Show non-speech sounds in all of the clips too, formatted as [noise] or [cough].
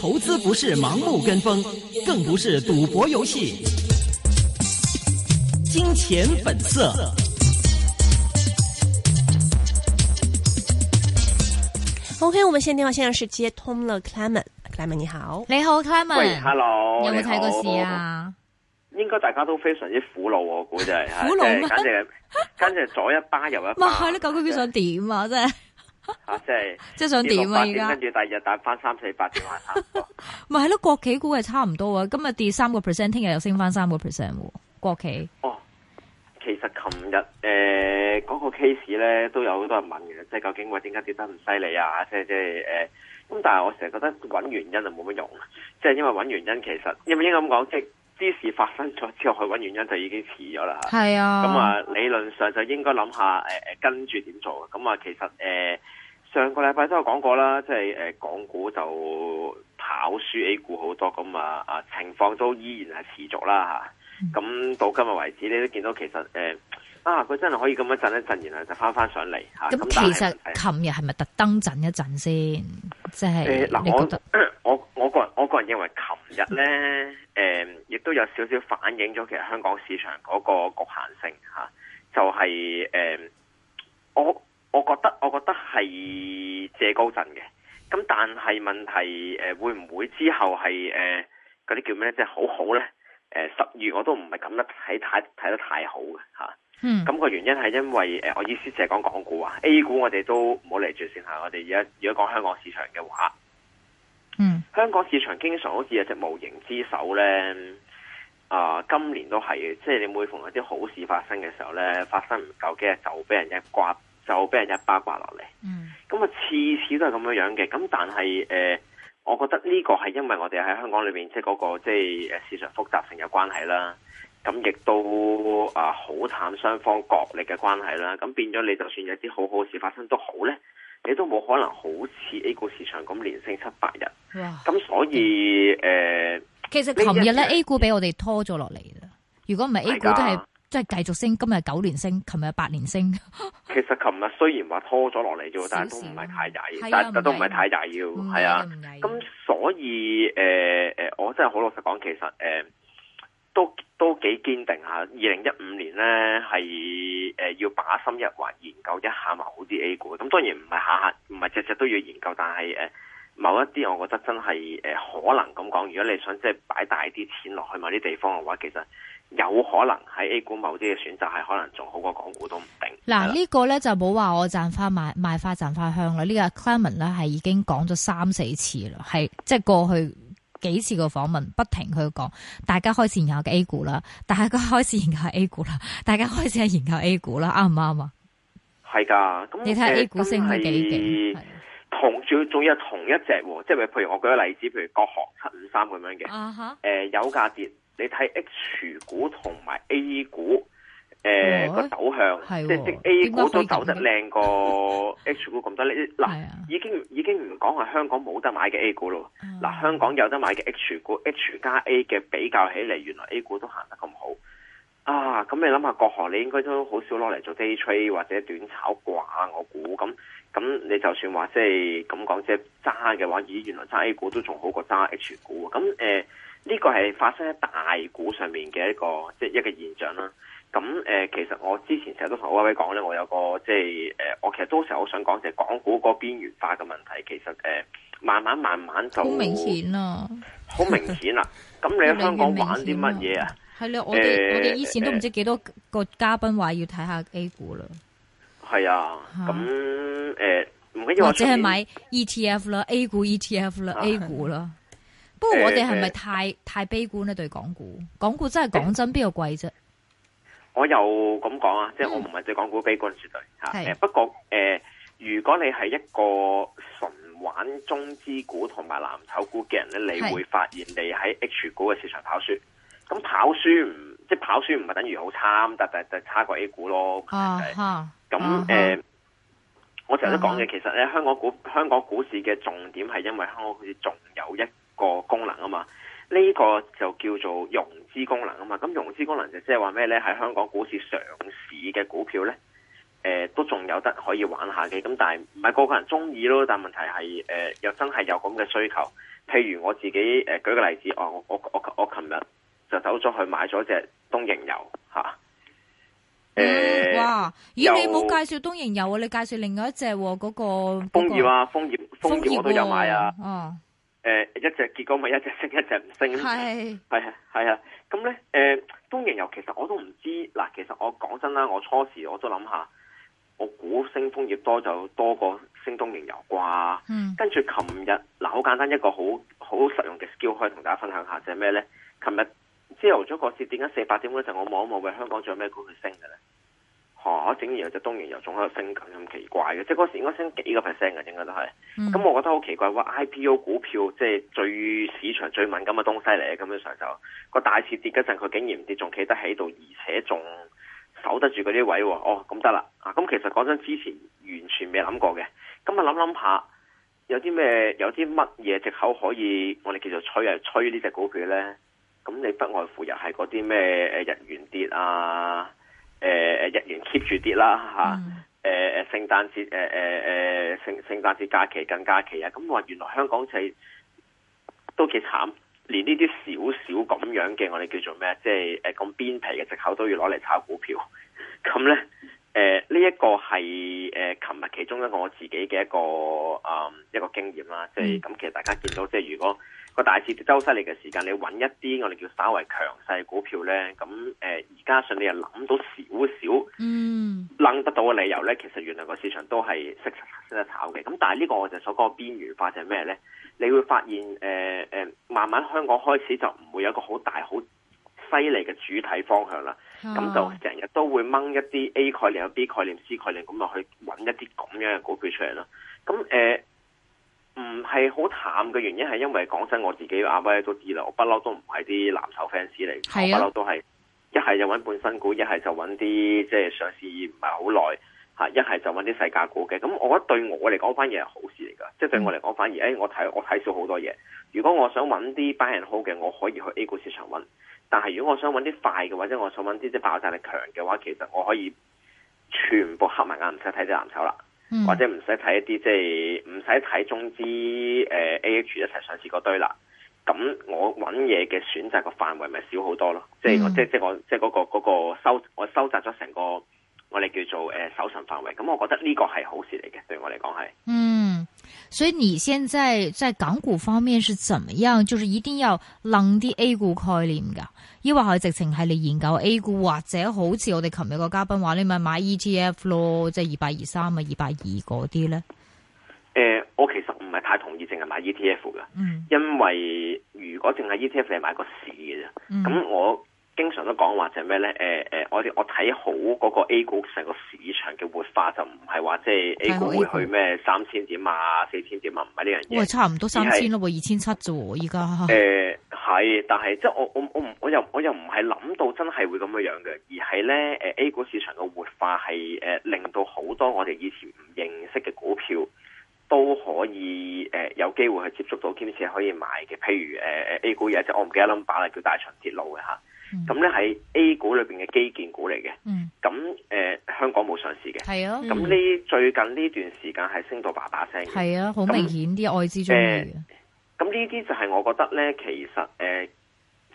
投資不是盲目跟風，更不是賭博遊戲。金錢本色。OK，我們現電話現在是接通了。Clement，Clement，你好。你好，Clement。喂，Hello。有冇睇過事啊？應該大家都非常之苦惱，我估真係。苦惱乜？簡直，簡直左一巴右一巴。哇！你究竟佢想點啊？真係。啊！即係即係想點啊！而家跟住第二日打翻三四八點啊！咪係咯，國企股係差唔多啊！今日跌三個 percent，聽日又升翻三個 percent 喎，國企。哦，其實琴日誒，嗰、呃嗰個 case 咧都有好多人問嘅，即係究竟為點解跌得唔犀利啊？即係即係誒，咁、呃、但係我成日覺得搵原因就冇乜用，即係因為搵原因其實應唔應該咁講即？啲事發生咗之後去揾原因就已經遲咗啦，係啊，咁啊理論上就應該諗下誒誒跟住點做咁啊，嗯、其實誒、呃、上個禮拜都有講過啦，即係誒、呃、港股就跑輸 A 股好多，咁啊啊情況都依然係持續啦嚇，咁到今日為止你都見到其實誒啊佢真係可以咁樣震一震，然後就翻翻上嚟嚇。咁其實琴日係咪特登震一震先？即係、呃呃、你覺得我？我我我認為琴日咧，誒、呃，亦都有少少反映咗其實香港市場嗰個局限性吓、啊，就係、是、誒、啊，我我覺得我覺得係借高震嘅，咁但係問題誒、呃、會唔會之後係誒嗰啲叫咩？即係好好咧？誒、呃，十月我都唔係咁得睇太睇得太好嘅吓。嗯、啊、咁、那個原因係因為誒、呃，我意思淨係講港股啊，A 股我哋都唔好嚟住先吓，我哋而家如果講香港市場嘅話。香港市場經常好似有隻無形之手呢。啊、呃，今年都係，即係你每逢有啲好事發生嘅時候呢，發生唔夠幾日就俾人一刮，就俾人一巴刮落嚟。嗯，咁啊，次次都係咁樣樣嘅。咁但係誒、呃，我覺得呢個係因為我哋喺香港裏面，即係、那、嗰個即係誒市場複雜性有關係啦。咁亦都啊，好淡雙方角力嘅關係啦。咁變咗你，就算有啲好好事發生都好呢，你都冇可能好似 A 股市場咁連升七八日，咁 [laughs] 所以誒，呃、其實琴日咧 A 股俾我哋拖咗落嚟啦。如果唔係 A 股都係的即係繼續升，今日九連升，琴日八連升。其實琴日雖然話拖咗落嚟啫，但係都唔係太大，但但都唔係太大要，係啊。咁所以誒誒，我真係好老實講，其實誒。都都幾堅定嚇！二零一五年呢係誒、呃、要把心一橫研究一下某啲 A 股。咁當然唔係下下，唔係隻隻都要研究，但係誒、呃、某一啲我覺得真係誒、呃、可能咁講，如果你想即係擺大啲錢落去某啲地方嘅話，其實有可能喺 A 股某啲嘅選擇係可能仲好過港股都唔定。嗱呢、這個呢就冇話我賺翻賣賣法賺法向啦，呢、這個 Clayton 咧係已經講咗三四次啦，係即係過去。幾次個訪問不停去講，大家開始研究嘅 A 股啦，大家開始研究 A 股啦，大家開始係研究 A 股啦，啱唔啱啊？係噶，咁你睇下 A 股升得幾嘅，同仲仲有同一隻，即係譬如我舉個例子，譬如國航七五三咁樣嘅，誒、呃，有價跌，你睇 H 股同埋 A 股。誒，個走、呃哦、向即係即係 A 股都走得靚過 H 股咁多，嗱，已經已經唔講係香港冇得買嘅 A 股咯。嗱、嗯，香港有得買嘅 H 股 H 加 A 嘅比較起嚟，原來 A 股都行得咁好啊！咁你諗下，國航你應該都好少攞嚟做 day trade 或者短炒啩，我估咁咁，你就算話即係咁講，即係揸嘅話，咦，原來揸 A 股都仲好過揸 H 股咁？誒，呢個係發生喺大股上面嘅一個即係、就是、一個現象啦。咁誒、呃，其實我之前成日都同威威講咧，我有個即係誒、呃，我其實多時候好想講就係港股嗰邊緣化嘅問題，其實誒、呃，慢慢慢慢就好明顯啦，好 [laughs] 明顯啦、啊。咁、 [laughs] 啊、你喺香港玩啲乜嘢啊？係咧，我、呃、我哋以前都唔知幾多個嘉賓話要睇下 A 股啦。係啊，咁誒，唔好意思或者係買 ETF 啦，A 股 ETF 啦，A 股啦。不過我哋係咪太太悲觀呢對港股，港股真係講真，講真貴，邊度貴啫？我又咁講啊，即係我唔係對港股悲觀絕對嚇。是不過誒、呃，如果你係一個純玩中資股同埋藍籌股嘅人咧，你會發現你喺 H 股嘅市場跑輸。咁跑輸唔即係跑輸唔係等於好差，但係但就差過 A 股咯。咁誒、uh，我成日都講嘅，其實咧香港股香港股市嘅重點係因為香港好似仲有一個功能啊嘛。呢、呢個就叫做融資功能啊嘛，咁融資功能就即係話咩咧？喺香港股市上市嘅股票咧，誒、呃，都仲有得可以玩下嘅。咁但係唔係個個人中意咯，但問題係誒，又、呃、真係有咁嘅需求。譬如我自己誒、呃，舉個例子，哦，我我我我琴日就走咗去買咗隻東瀛遊吓。誒、啊，呃、哇，咦、呃，你冇介紹東瀛遊啊？你介紹另外一隻嗰、哦那個楓葉、那個、啊？楓葉楓葉我都有買啊。哦、啊，誒、呃，一隻結果咪一隻升，一隻唔升。係係啊，係啊。咁咧，誒、呃，東營油其實我都唔知，嗱，其實我講真啦，我初時我都諗下，我估升風業多就多過升東營油啩。嗯。跟住，琴日嗱，好簡單一個好好實用嘅 skill，可以同大家分享下，就係咩咧？琴日朝頭早個市，點解四八點嗰陣我望一望，喂，香港仲有咩股佢升嘅咧？哦，整完又就當然又仲喺度升緊咁奇怪嘅，即係嗰時應該升幾個 percent 嘅，應該都係。咁、mm. 嗯、我覺得好奇怪，話 IPO 股票即係最市場最敏感嘅東西嚟嘅，根本上就個大市跌嗰陣，佢竟然唔跌，仲企得喺度，而且仲守得住嗰啲位。哦，咁得啦。啊，咁其實講真，之前完全未諗過嘅。咁我諗諗下，有啲咩，有啲乜嘢藉口可以我哋繼續吹啊吹呢隻股票咧？咁你不外乎又係嗰啲咩誒日元跌啊？誒誒，日元 keep 住跌啦吓，誒誒、嗯，聖誕節誒誒誒，聖聖誕節假期更假期啊，咁話原來香港就係、是、都幾慘，連呢啲少少咁樣嘅我哋叫做咩啊？即係誒咁邊皮嘅藉口都要攞嚟炒股票，咁、啊、咧。誒，呢一、呃這個係誒，琴、呃、日其中一個我自己嘅一個誒、呃、一個經驗啦，即係咁，嗯嗯、其實大家見到，即係如果個大市跌得好犀利嘅時間，你揾一啲我哋叫稍為強勢股票呢，咁誒而家上你又諗到少少，諗得到嘅理由呢，其實原來個市場都係識識得炒嘅。咁但係呢個我就所講邊緣化就係咩呢？你會發現誒誒、呃呃，慢慢香港開始就唔會有一個好大好犀利嘅主體方向啦。咁、嗯、就成日都會掹一啲 A 概念、有 B 概念、C 概念，咁就去揾一啲咁樣嘅股票出嚟咯。咁誒，唔係好淡嘅原因係因為講真，我自己阿威都知啦，我不嬲、啊、都唔係啲藍籌 fans 嚟，我不嬲都係一係就揾半新股，一係就揾啲即係上市唔係好耐嚇，一係就揾啲細價股嘅。咁我覺得對我嚟講，反而係好事嚟噶。即係、嗯、對我嚟講，反而誒，我睇我睇少好多嘢。如果我想揾啲 buy and hold 嘅，我可以去 A 股市場揾。但係如果我想揾啲快嘅，或者我想揾啲即爆炸力強嘅話，其實我可以全部合埋眼，唔使睇隻藍籌啦，嗯、或者唔使睇一啲即係唔使睇中資誒 A H 一齊上市嗰堆啦。咁我揾嘢嘅選擇個範圍咪少好多咯。即係即即即我即嗰個個收我收集咗成個我哋叫做誒搜尋範圍。咁我覺得呢個係好事嚟嘅，對我嚟講係。嗯，所以你現在在港股方面是怎麼樣？就是一定要 long 啲 A 股概念 l 噶？抑或係直情係你研究 A 股，或者好似我哋琴日個嘉賓話，你咪買 ETF 咯，即係二百二三啊，二百二嗰啲咧。誒、呃，我其實唔係太同意淨係買 ETF 㗎，嗯、因為如果淨係 ETF 係買個市嘅啫，咁、嗯、我。經常都講話就係咩咧？誒、呃、誒，我哋我睇好嗰個 A 股成個市場嘅活化就唔係話即係 A 股會去咩三千點啊、啊、四千點啊，唔係呢樣嘢。喂，差唔多三千咯，二千七啫，依家、呃。誒，係，但係即係我我我唔，我又我又唔係諗到真係會咁樣樣嘅，而係咧誒，A 股市場嘅活化係誒令到好多我哋以前唔認識嘅股票都可以誒、呃、有機會去接觸到，兼且可以買嘅。譬如誒誒、呃、A 股有隻、就是、我唔記得 number 叫大長鐵路嘅吓。咁咧喺 A 股裏邊嘅基建股嚟嘅，咁誒、嗯呃、香港冇上市嘅，咁呢、啊嗯、最近呢段時間係升到叭叭聲，係啊，好明顯啲外資參與。咁呢啲就係我覺得咧，其實誒、呃，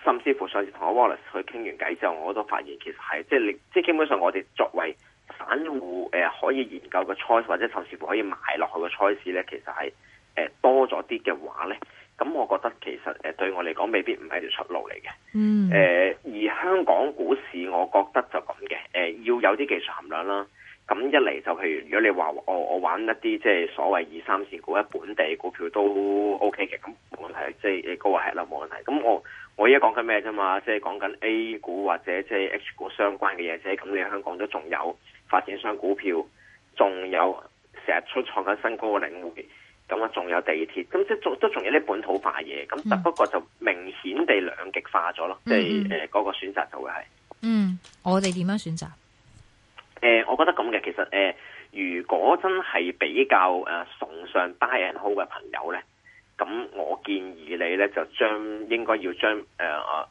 甚至乎上次同阿 Wallace 去傾完偈之後，我都發現其實係即係，即係基本上我哋作為散戶誒、呃、可以研究嘅 choice 或者甚至乎可以買落去嘅 choice 咧，其實係誒、呃、多咗啲嘅話咧。咁我覺得其實誒對我嚟講未必唔係條出路嚟嘅，誒、嗯呃、而香港股市我覺得就咁嘅，誒、呃、要有啲技術含量啦。咁一嚟就譬如如果你話我我玩一啲即係所謂二三線股、一本地股票都 OK 嘅，咁冇問題，即係你高係啦，冇問題。咁我我而家講緊咩啫嘛？即係講緊 A 股或者即係 H 股相關嘅嘢啫。咁你香港都仲有發展商股票，仲有成日出創緊新高嘅領匯。咁啊，仲有地鐵，咁即係仲都仲有啲本土化嘢，咁、嗯、不過就明顯地兩極化咗咯，嗯、即係誒嗰個選擇就會係。嗯，我哋點樣選擇？誒、呃，我覺得咁嘅，其實誒、呃，如果真係比較誒崇尚 buy and hold 嘅朋友咧，咁我建議你咧就將應該要將誒、呃、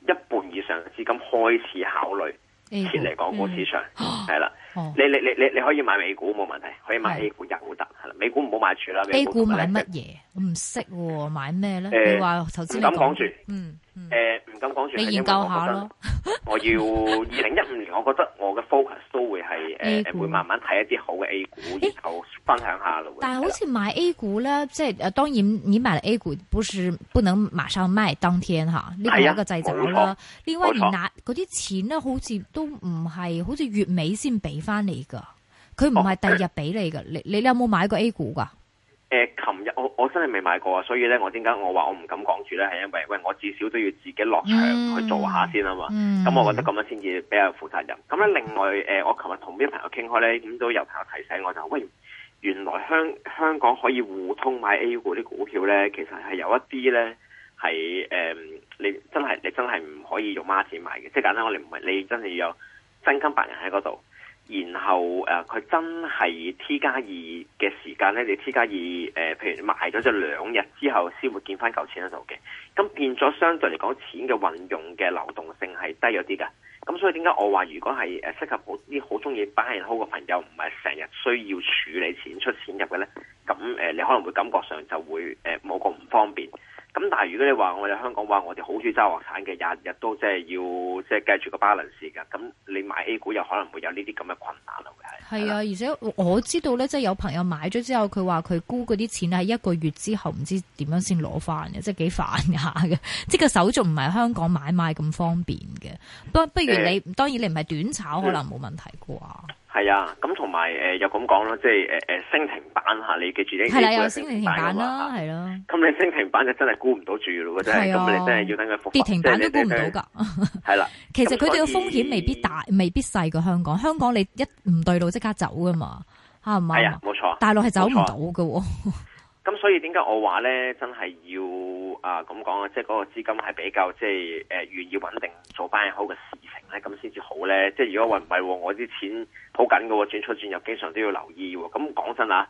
一半以上資金開始考慮撤離港股市場，係、oh. mm hmm. 啦。你你你你你可以買美股冇問題，可以買 A 股一好得係啦。美股唔好買住啦。A 股買乜嘢？我唔識喎，買咩咧？你話頭先，唔敢講住，嗯，誒，唔敢講住。你研究下咯。我要二零一五年，我覺得我嘅 focus 都會係誒，會慢慢睇一啲好嘅 A 股然後，分享下咯。但係好似買 A 股咧，即係誒，當然你買 A 股不是不能馬上賣，當天吓呢個一個掣肘啦。呢位拿嗰啲錢咧，好似都唔係，好似月尾先俾。翻嚟噶，佢唔係第日俾你噶、哦呃。你你有冇買過 A 股噶？誒、呃，琴日我我真係未買過啊，所以咧，我點解我話我唔敢講住咧？係因為喂，我至少都要自己落場去做下先啊嘛。咁我覺得咁樣先至比較負責任。咁咧，另外誒、呃，我琴日同啲朋友傾開咧，咁都有朋友提醒我就喂，原來香香港可以互通買 A 股啲股票咧，其實係有一啲咧係誒，你真係你真係唔可以用孖錢買嘅，即係簡單，我哋唔係你真係有真金白銀喺嗰度。然後誒，佢、啊、真係 T 加二嘅時間呢。你 T 加二誒，譬如你賣咗咗兩日之後先會見翻舊錢喺度嘅，咁變咗相對嚟講錢嘅運用嘅流動性係低咗啲嘅，咁所以點解我話如果係誒適合啲好中意 buy and hold 嘅朋友，唔係成日需要處理錢出錢入嘅呢？咁誒、呃、你可能會感覺上就會誒冇咁唔方便。咁但係如果你話我哋香港話我哋好中意揸國產嘅，日日都即係要即係計住個 balance 嘅，咁你買 A 股又可能會有呢啲咁嘅困難嘅。係啊，啊而且我知道咧，即係有朋友買咗之後，佢話佢估嗰啲錢係一個月之後唔知點樣先攞翻嘅，即係幾煩下嘅。即係個手續唔係香港買賣咁方便嘅。不不如你、欸、當然你唔係短炒，欸、可能冇問題啩。係啊，咁同埋誒又咁講咯，即係誒誒升停板嚇，你記住咧，呢個升停板啦，係咯，咁你升停板就真係估唔到住咯，真係、啊，咁你真係要等佢跌停板都估唔到㗎，係啦。其實佢哋嘅風險未必大，未必細過香港。香港你一唔對路即刻走㗎嘛，係咪？係？啊，冇錯。錯大陸係走唔到嘅。 [laughs] 咁所以點解我話咧，真係要啊咁講啊，即係嗰個資金係比較即係誒願意穩定做翻嘢好嘅事情咧，咁先至好咧。即係如果話唔係，我啲錢好緊嘅喎，轉出轉入經常都要留意喎。咁講真啊，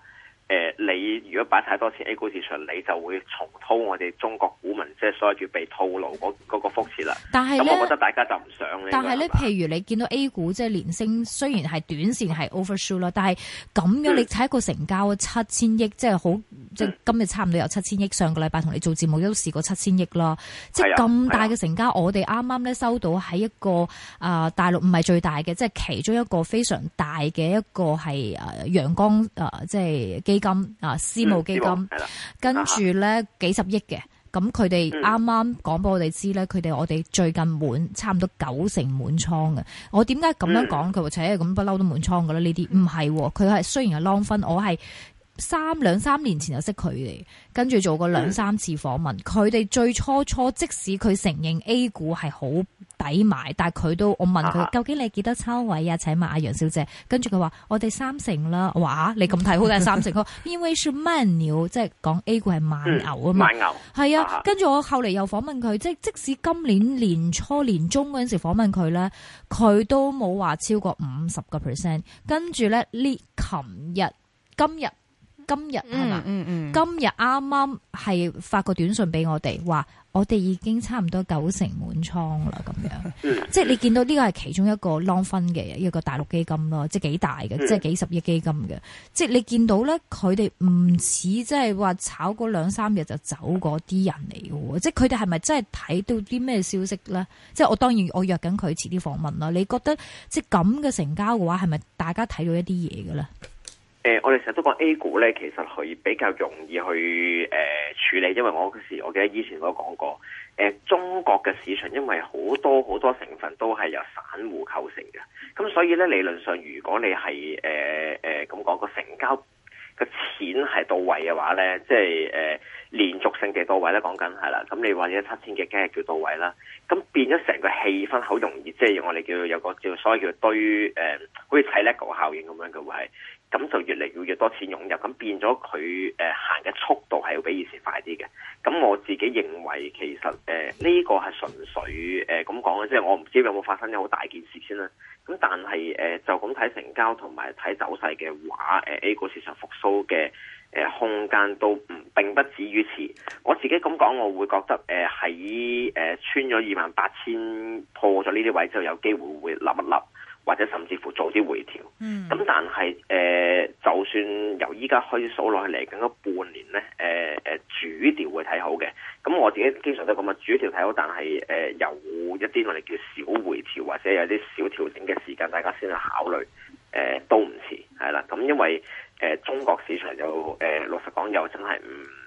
誒你如果擺太多錢 A 股市場，你就會重蹈我哋中國股民即係所謂叫被套路嗰個覆轍啦。但係咧，我覺得大家就唔想咧。但係咧，譬如你見到 A 股即係連升，雖然係短線係 overshoot 啦，但係咁樣你睇一個成交七千億，即係好。即係今日差唔多有七千億，上個禮拜同你做節目都試過七千億啦。即係咁大嘅成交，我哋啱啱咧收到喺一個啊、呃、大陸唔係最大嘅，即係其中一個非常大嘅一個係陽、呃、光啊、呃，即係基金啊、呃、私募基金。跟住咧幾十億嘅，咁佢哋啱啱講俾我哋知咧，佢哋我哋最近滿差唔多九成滿倉嘅。我點解咁樣講？佢話、嗯：，或者咁不嬲都滿倉嘅啦？呢啲唔係，佢係雖然係 long 分，我係。三兩三年前就識佢哋，跟住做過兩三次訪問。佢哋、嗯、最初初，即使佢承認 A 股係好抵買，但係佢都我問佢究竟你幾多抄位啊？請問阿楊小姐，跟住佢話我哋三成啦。哇，你咁睇好就三成因為咩慢牛，即係講 A 股係慢牛啊嘛。慢、嗯、牛係啊。跟住我後嚟又訪問佢，即係即使今年年初、年中嗰陣時訪問佢咧，佢都冇話超過五十個 percent。跟住咧呢，琴日今日。今日係嘛？嗯嗯嗯、今日啱啱係發個短信俾我哋，話我哋已經差唔多九成滿倉啦，咁樣。 [laughs] 即係你見到呢個係其中一個 long 分嘅一個大陸基金咯，即係幾大嘅，即係幾十億基金嘅。即係你見到咧，佢哋唔似即係話炒嗰兩三日就走嗰啲人嚟嘅，即係佢哋係咪真係睇到啲咩消息咧？即係我當然我約緊佢遲啲訪問啦。你覺得即係咁嘅成交嘅話，係咪大家睇到一啲嘢嘅咧？誒、呃，我哋成日都講 A 股咧，其實佢比較容易去誒、呃、處理，因為我嗰時我記得以前我都講過、呃，中國嘅市場因為好多好多成分都係由散戶構成嘅，咁所以咧理論上如果你係誒誒咁講個成交。個錢係到位嘅話呢，即係誒、呃、連續性嘅到位咧，講緊係啦。咁你話呢七千幾，梗係叫到位啦。咁變咗成個氣氛好容易，即係我哋叫有個謂叫個，所謂叫堆誒，好似砌 lego 效應咁樣嘅位。咁就越嚟越來越多錢湧入，咁變咗佢誒行嘅速度係要比以前快啲嘅。咁我自己認為，其實誒呢、呃這個係純粹誒咁講嘅，即係我唔知有冇發生咗好大件事先啦。咁但係誒、呃，就咁睇成交同埋睇走勢嘅話，誒、呃，A 股市場復蘇嘅誒空間都唔，並不止於此。我自己咁講，我會覺得誒，喺、呃、誒、呃、穿咗二萬八千，破咗呢啲位，之後就有機會會立一立。或者甚至乎做啲回調，咁、嗯、但係誒、呃，就算由依家開始數落去嚟緊嘅半年呢，誒、呃、誒、呃、主調會睇好嘅。咁、嗯、我自己經常都咁啊，主調睇好，但係誒有一啲我哋叫小回調或者有啲小調整嘅時間，大家先去考慮，誒、呃、都唔遲，係啦，咁、嗯、因為誒、呃、中國市場就，誒、呃，老實講又真係唔。嗯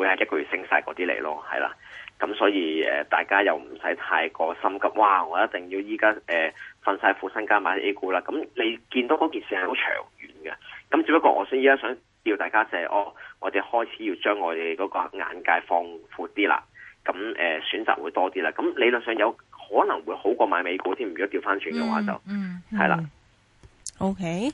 會係一個月升晒嗰啲嚟咯，係啦，咁所以誒、呃，大家又唔使太過心急。哇，我一定要依家誒，瞓晒副身家買 A 股啦。咁你見到嗰件事係好長遠嘅，咁只不過我先依家想叫大家就係、是，哦，我哋開始要將我哋嗰個眼界放闊啲啦，咁誒、呃，選擇會多啲啦。咁理論上有可能會好過買美股添，如果調翻轉嘅話就，係啦、嗯。嗯嗯 O K，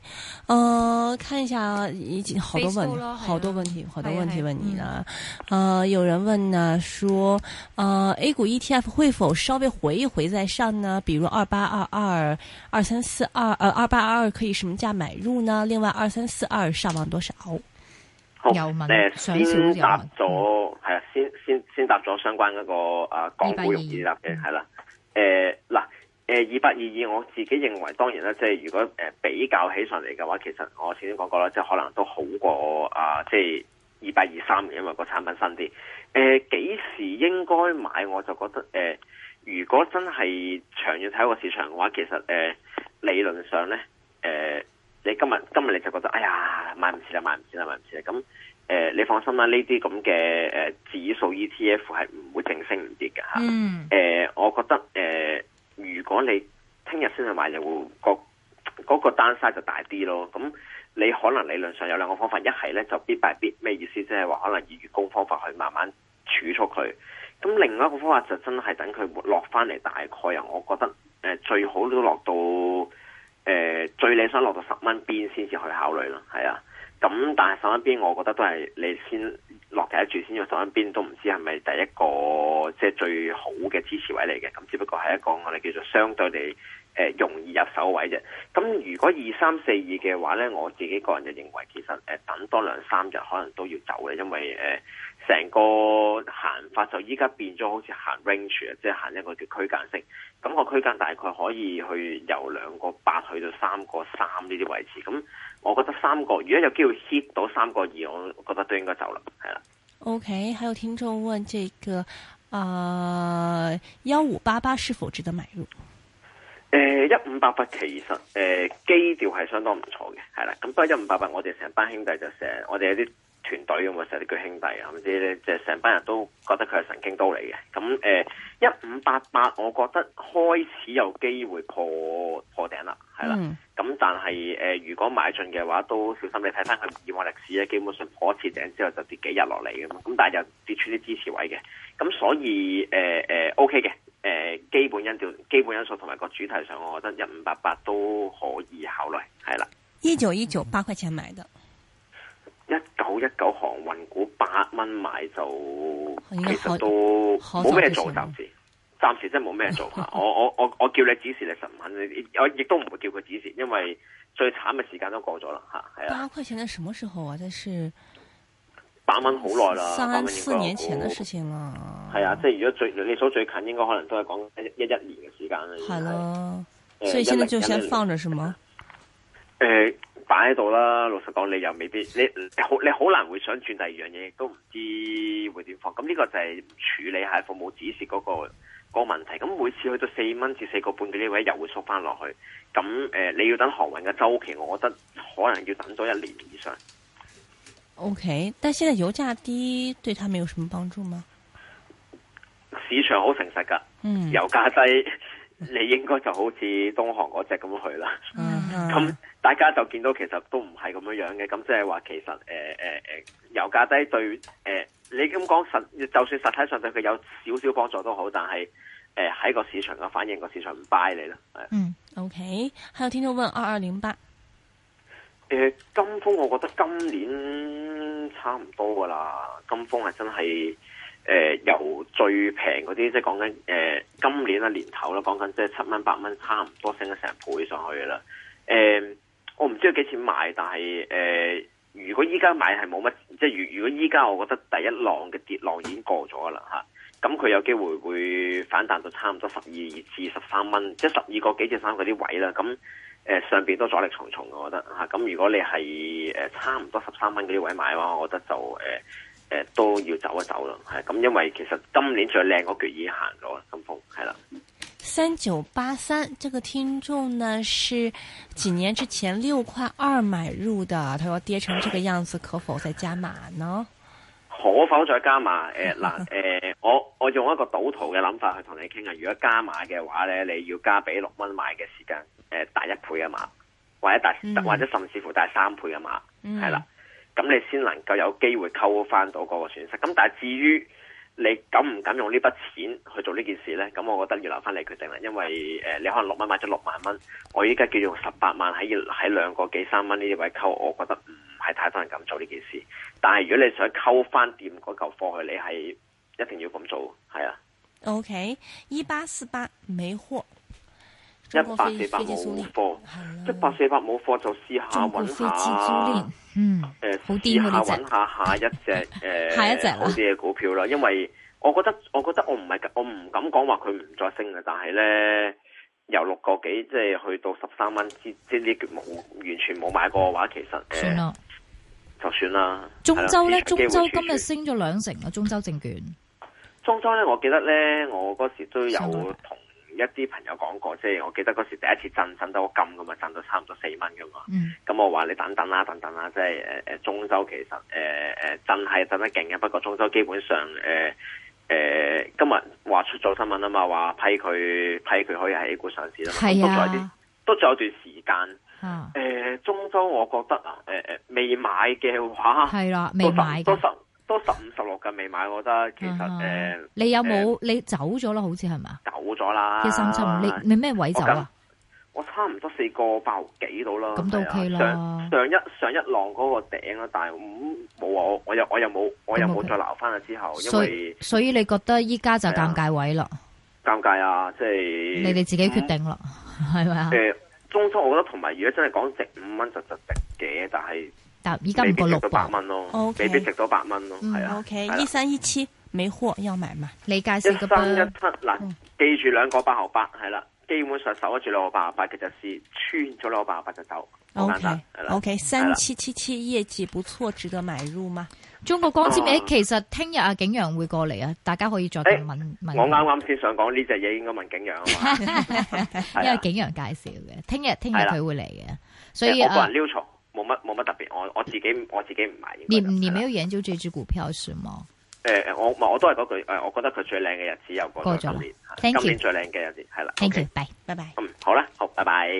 嗯，看一下，已經好多問題，好多問題，好多問題問你呢？呃，有人問呢，說，呃，A 股 ETF 會否稍微回一回再上呢？比如二八二二二三四二，呃，二八二二可以什麼價買入呢？另外二三四二上望多少？好，誒，先答咗，係啊，先先先答咗相關嗰個啊，港股容易啲答係啦，誒，嗱。誒，二八二二，我自己認為當然啦，即係如果誒、呃、比較起上嚟嘅話，其實我頭先講過啦，即係可能都好過啊、呃，即係二八二三因為個產品新啲。誒、呃，幾時應該買？我就覺得誒、呃，如果真係長遠睇個市場嘅話，其實誒、呃、理論上咧，誒、呃、你今日今日你就覺得哎呀買唔切啦，買唔切啦，買唔切啦，咁誒、呃、你放心啦，呢啲咁嘅誒指數 ETF 係唔會正升唔跌嘅吓。誒，mm. uh, 我覺得誒。呃呃講你聽日先去買，就、嗰個嗰、嗰個單曬就大啲咯。咁你可能理論上有兩個方法，一係呢，就必百必咩意思？即係話可能以月供方法去慢慢儲出佢。咁另外一個方法就真係等佢活落返嚟，大概又我覺得誒、呃、最好都落到誒、呃、最理想落到十蚊邊先至去考慮咯，係啊。咁、嗯，但係上一邊，我覺得都係你先落第一注，先再上一邊，都唔知係咪第一個即係、就是、最好嘅支持位嚟嘅。咁只不過係一個我哋叫做相對地誒、呃、容易入手位啫。咁、嗯、如果二三四二嘅話呢，我自己個人就認為，其實誒、呃、等多兩三日可能都要走嘅，因為誒成、呃、個行法就依家變咗好似行 range 啊，即係行一個叫區間式。咁、嗯，那個區間大概可以去由兩個八去到三個三呢啲位置咁。嗯我覺得三個，如果有機會 hit 到三個二，我覺得都應該走啦，係啦。OK，還有聽眾問這個啊，一五八八是否值得買入？誒一五八八其實誒、呃、基調係相當唔錯嘅，係啦。咁不過一五八八我哋成班兄弟就成，我哋有啲。團隊咁啊，成日叫兄弟啊，咁之咧，即係成班人都覺得佢係神經刀嚟嘅。咁、嗯、誒，一五八八，我覺得開始有機會破破頂啦，係啦。咁但係誒、呃，如果買進嘅話，都小心你睇翻佢以往歷史咧，基本上破一次頂之後就跌幾日落嚟嘅。咁但係又跌出啲支持位嘅。咁、嗯、所以誒誒、呃嗯、，OK 嘅。誒、呃，基本因素、基本因素同埋個主題上，我覺得一五八八都可以考慮。係啦，一九一九八塊錢買嘅。 [noise] [noise] [noise] 一九航運股八蚊買就，其實都冇咩做暫時，嗯、暫時真係冇咩做吓。 [laughs] 我我我我叫你指示你十五肯，我亦都唔會叫佢指示，因為最慘嘅時間都過咗啦吓。係啊。八塊錢喺什麼時候啊？但係八蚊好耐啦，三四年前嘅事，事情啦。係啊，即係如果最你數最近，應該可能都係講一一,一,一,一年嘅時間啦。好、啊、所以現在就先放着，係咪、嗯？誒、呃。呃擺喺度啦，老實講你又未必，你，你好你好難會想轉第二樣嘢，都唔知會點放。咁呢個就係處理下服務指示嗰個嗰個問題。咁每次去到四蚊至四個半嘅呢位又會縮翻落去。咁誒、呃，你要等航運嘅周期，我覺得可能要等咗一年以上。OK，但係現在油價低，對佢哋有什麼幫助嗎？市場好誠實㗎，油價低，嗯、 [laughs] 你應該就好似東航嗰隻咁去啦。咁、啊哈 [laughs] 嗯。大家就見到其實都唔係咁樣樣嘅，咁即係話其實誒誒誒，油價低對誒、呃，你咁講實，就算實體上對佢有少少幫助都好，但係誒喺個市場嘅反應，個市場唔 buy 你咯。嗯，OK，喺度聽到問二二零八，誒、呃、金風，我覺得今年差唔多噶啦，金風係真係誒由最平嗰啲，即係講緊誒今年嘅年頭啦，講緊即係七蚊八蚊差唔多升咗成倍上去㗎啦，誒、呃。我唔知佢幾錢買，但係誒、呃，如果依家買係冇乜，即係如如果依家我覺得第一浪嘅跌浪已經過咗啦嚇，咁、啊、佢有機會會反彈到差唔多十二至十三蚊，即係十二個幾至十三嗰啲位啦。咁、啊、誒、呃、上邊都阻力重重，我覺得嚇。咁、啊、如果你係誒差唔多十三蚊嗰啲位買嘅話，我覺得就誒誒、呃呃、都要走一走咯。係、啊、咁，因為其實今年最靚嗰腳已經行咗啦，金鳳係啦。三九八三，83, 這個聽眾呢是幾年之前六塊二買入的，他說跌成這個樣子，可否再加碼呢？可否再加碼？誒、呃、嗱，誒、呃呃呃、我我用一個賭徒嘅諗法去同你傾啊。如果加碼嘅話咧，你要加俾六蚊買嘅時間，誒、呃、大一倍啊嘛，或者大或者甚至乎大三倍啊嘛，係啦、嗯，咁你先能夠有機會溝返到嗰個損失。咁但係至於。你敢唔敢用呢筆錢去做呢件事呢？咁我覺得要留翻你決定啦，因為誒、呃，你可能六蚊買咗六萬蚊，我依家叫用十八萬喺喺兩個幾三蚊呢位溝，我覺得唔係太多人敢做呢件事。但係如果你想溝翻掂嗰嚿貨佢，你係一定要咁做，係啊。OK，一八四八沒貨，一八四八冇貨，一八四八冇貨就試下揾。中了好試下搵，下下一隻誒，啲嘅 [laughs] 股票啦， [laughs] 因為我覺得，我覺得我唔係我唔敢講話佢唔再升嘅，但係咧由六個幾，即係去到十三蚊，即即係冇完全冇買過嘅話，其實算啦了、呃，就算啦。中州咧，中州今日升咗兩成啊！中州證券，中州咧，我記得咧，我嗰時都有同。一啲朋友講過，即係我記得嗰時第一次震震到金咁啊，震到差唔多四蚊噶嘛。咁、嗯、我話你等等啦、啊，等等啦、啊，即係誒誒中州其實誒誒、呃、震係震得勁嘅，不過中州基本上誒誒、呃呃、今日話出咗新聞啊嘛，話批佢批佢可以喺 A 股上市啦，係啊，都仲有，都有段時間。誒、啊呃、中州我覺得、呃、啊，誒誒未買嘅話係啦，未買都，都都十五十六嘅未買，我覺得其實誒，啊嗯、你有冇、嗯、你走咗咯？好似係咪？走咗了啦，其實、嗯、你你咩位走啊？我差唔多四個百毫幾度啦，咁都 OK 啦。上一上一浪嗰個頂啦，但係五冇我我又我又冇我又冇再留翻啊之後，OK、因為所以所以你覺得依家就尷尬位咯？尷、啊、尬啊，即、就、係、是嗯、你哋自己決定咯，係咪啊？誒、嗯，中倉我覺得同埋，如果真係講值五蚊就就值嘅，但係。而家唔過六百蚊咯，未必值到百蚊咯，係啊。O K，一三一七未開有買嘛？你介紹一三一七嗱，記住兩個八毫八，係啦，基本上守得住兩個八毫八，其實是穿咗兩個八毫八就走。O K，係啦。O K，三七七七業績不錯，值得買入嘛？中國光之美，其實聽日阿景陽會過嚟啊，大家可以再問。問我啱啱先想講呢隻嘢，應該問景陽啊嘛，因為景陽介紹嘅。聽日聽日佢會嚟嘅，所以。好怪，溜冇乜冇乜特別，我我自己我自己唔買。你你沒有研究這支股票是嗎？誒、欸、我咪我，我都係嗰句誒，我覺得佢最靚嘅日子又過咗一年，今年最靚嘅日子係啦。Thank you，拜拜拜。嗯，好啦，好，拜拜。